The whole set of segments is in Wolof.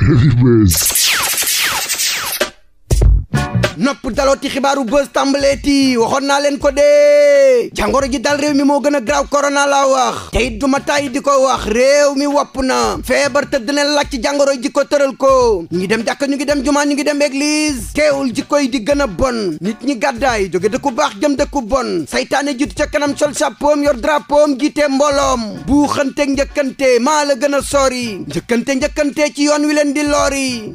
Anyways. nopp dalooti xibaaru buzz tàmbaleeti waxoon naa leen ko dee jàngoro ji dal réew mi moo gën a graaw corona laa wax te it duma tàyyi di ko wax réew mi wopp na feebar te dina laaj ci jàngoro ji ko tëral ko ñu ngi dem jàkka ñu ngi dem jumaa ñu ngi dem église teewul jikko yi di gën a bon nit ñi gàddaay jóge dëkku baax jëm dëkku bon saytaane jiitu ca kanam sol chapeau yor drapeau jiite mbooloom buuxante njëkkante maa la gën a sori njëkkante njëkkante ci yoon wi leen di lori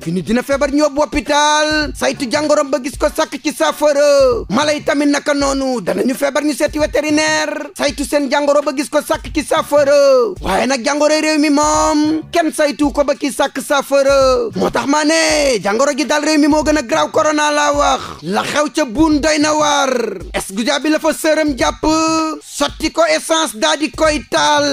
feebar ñu yóbbu hôpital saytu jàngoro bëgg gis ko sàkk ci saafara mala yi tamit naka noonu danañu feebar ñu seeti vétérinaire saytu seen jàngoro ba gis ko sàkk ci saafara nag jàngoro réew mi moom kenn saytuwu ko ba ki sàkk saafara moo tax maa ne jàngoro gi dal réew mi moo gën a graaw corona laa wax la xew ca buun doy na waar es gujaa fa sërëm jàpp sotti ko essence daa koy taal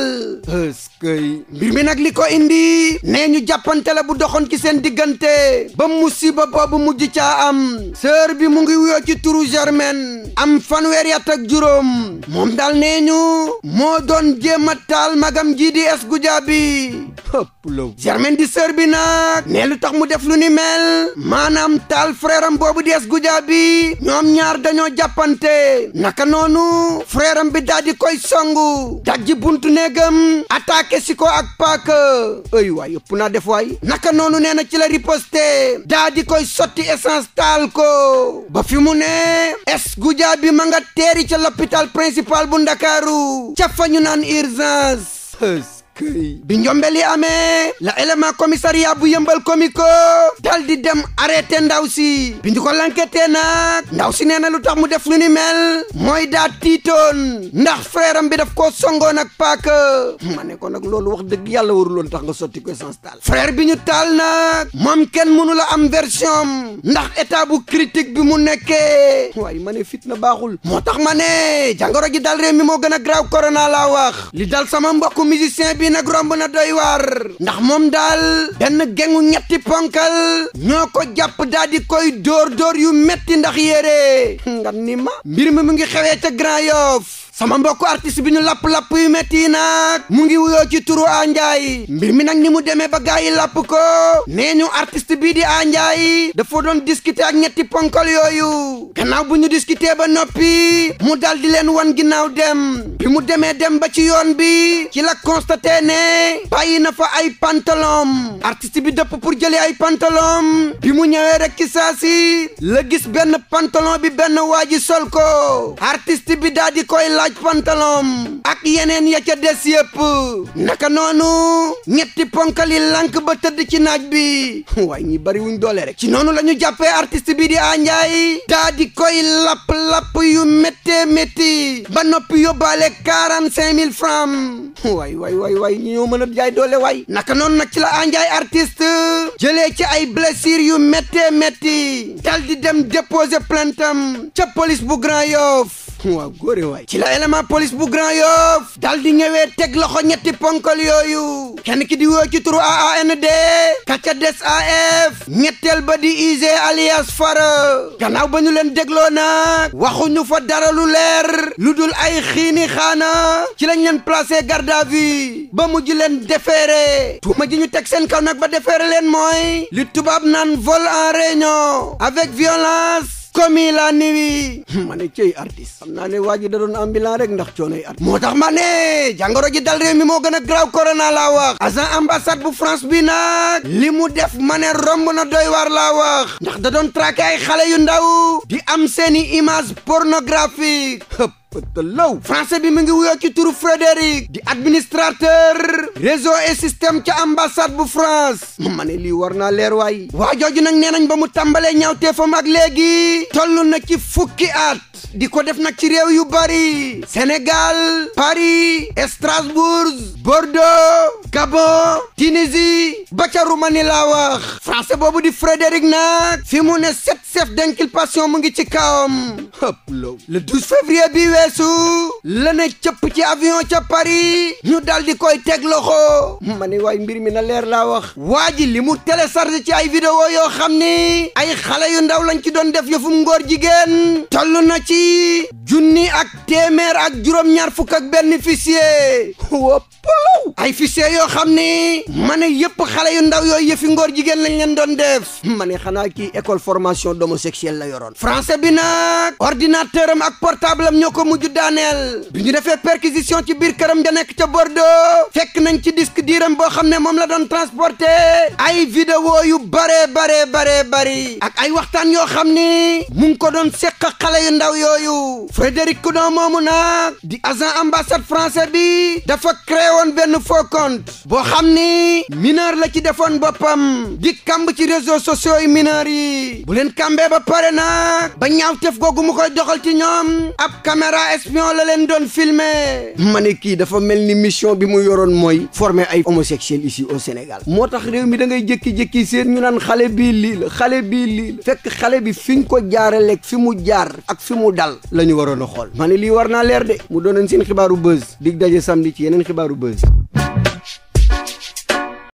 ëskëy mbir mi nag li ko indi nee ñu jàppante bu doxoon ci seen diggante ba musiba boobu mujj caa am sœur bi mu ngi wuyoo ci turu Germaine am fanweeri at ak juróom moom daal nee ñu moo doon jéem a taal magam ji di es gujaabi Germaine di sœur bi nag ne lu tax mu def lu ni mel maanaam taal frère am boobu di es gujaabi ñoom ñaar dañoo jàppante naka noonu frère am bi daal di koy songu dajji buntu néegam attaqué si ko ak paaka ay waay naa def waay naka noonu nee na ci la riposte daal koy sotti essence taal ko ba fi mu ne es gujaa bi ma nga teeri ca l'hôpital principal bu ndakaaru ca fa ñu naan urgence bi njombel li amee la élément commissariat bu yëmbal comico dal di dem arrêté ndaw si bi ñu ko lanketee nag ndaw si nee na lu tax mu def lu ni mel mooy daa tiitoon ndax frère bi daf koo songoon nag paaka ma ne ko nag loolu wax dëgg yàlla waruloon tax nga sotti ko essence taal frère bi ñu taal nag moom kenn mënu la am version ndax état bu critique bi mu nekke waaye ma ne fitna baaxul moo tax ma ne jàngoro ji dal réew mi moo gën a graaw corona laa wax li dal bi nag romb na doy waar ndax moom daal benn gengu ñetti ponkal ñoo ko jàpp daal koy dóor dóor yu metti ndax yére nga ma mbir mi mu ngi xewee ca Grand Yoff sama mbokk artiste bi ñu lapp-lapp yu metti yi mu ngi wuyoo ci turu Anjaay mbir mi nag ni mu demee ba gaa yi lapp ko nee ñu artiste bii di Anjaay dafa doon discuter ak ñetti ponkal yooyu gannaaw bu ñu discuter ba noppi mu dal di leen wan ginnaaw dem bi mu demee dem ba ci yoon bi ci la constaté ne bàyyi na fa ay pantalon artiste bi dëpp pour jëlee ay pantalon bi mu ñëwee rek ci gis benn pantalon bi benn waa ji sol ko artiste bi daal koy laaj laaj pantalon ak yeneen ya ca des yëpp naka noonu ñetti ponkali lank ba tëdd ci naaj bi waaye ñi bari wuñ doole rek ci noonu la ñu jàppee artiste bi di Andiaye daa di koy lapp-lapp yu méttee métti ba noppi yóbbaale quarante cinq mille francs waay waay waay waay ñi ñoo mën jaay doole waay naka noonu nak ci la Andiaye artiste jëlee ci ay blessure yu méttee métti dal di dem déposer plainte am ca police bu Grand Yoff waaw góore waay ci la élément police bu gran Yoff dal di ñëwee teg loxo ñetti ponkal yooyu kenn ki di woo ci turu AAND kacca des AF ñetteel ba di UG alias Fara gannaaw ba ñu leen dégloo nag waxuñu fa dara lu leer lu dul ay xiini xaana ci lañ leen placé garde à vue ba mujj leen déféré tuuma ji ñu teg seen kaw nag ba déféré leen mooy li tubaab naan vol en réunion avec violence comme il a nuit ma ne cey artiste xam naa ne waa ji da rek ndax coonoy artiste moo tax ma ne jàngoro ji dal réew moo gën a graw corona laa wax agent ambassade bu France bi li mu def ma romb na doy waar laa wax ndax da doon ay xale yu ndaw di am seeni image pornographique fëtalaw français bi mu ngi wuyoo ci turu Frédéric di administrateur réseau et système ca ambassade bu France ma ne lii war naa leer waay waa jooju nag nee nañ ba mu tàmbalee ñaawteefam ak léegi toll na ci fukki at di ko def nag ci réew yu bari Sénégal Paris Strasbourg Bordeaux Gabon Tunisie ba ca Roumanie laa boobu di Frédéric nag fi mu ne sept chefs d'inculpation mu ngi ci kawam hëpp le 12 bi weesu la ne cëpp ci avion ca Paris ñu dal di koy teg loxo ma ne waay mbir mi na leer laa wax waa ji li mu téléchargé ci ay vidéo yoo xam ni ay xale yu ndaw lañ ci doon def yëfum ngóor jigéen toll na ci junni ak téeméer ak juróom-ñaar fukk ak benn fichier woppaw ay fichier yoo xam ni ma ne yëpp xale yu ndaw yooyu yëfi ngóor jigéen lañ leen doon def ma ne xanaa kii école formation d'homosexuel la yoroon français bi nag ordinateur am ak portable am ñoo ko mujj daaneel bi ñu defee perquisition ci biir këram da nekk ca Bordeaux fekk nañ ci disque diiram boo xam ne moom la doon transporté ay vidéo yu bare bare bare bari ak ay waxtaan yoo xam ni mu ko doon seq xale yu ndaw yooyu Frédéric Coudon moomu nag di agent ambassade français bi dafa créé woon benn faux compte boo xam ni mineur la ci defoon boppam di kamb ci réseaux sociaux yi mineurs yi bu leen kambee ba pare nag ba ñaawteef googu mu koy doxal ci ñoom ab caméra espion la leen doon filmer ma kii dafa mel ni mission bi mu yoroon mooy former ay homosexuels ici au Sénégal moo tax réew mi da ngay jékki-jékki seen ñu naan xale bii liil xale bi lii fekk xale bi fi ñu ko jaare ak fi mu jaar mu dal la ñu waroon a xool ma lii war naa leer de mu doonoon seen xibaaru buzz dig daje samedi ci yeneen xibaaru buzz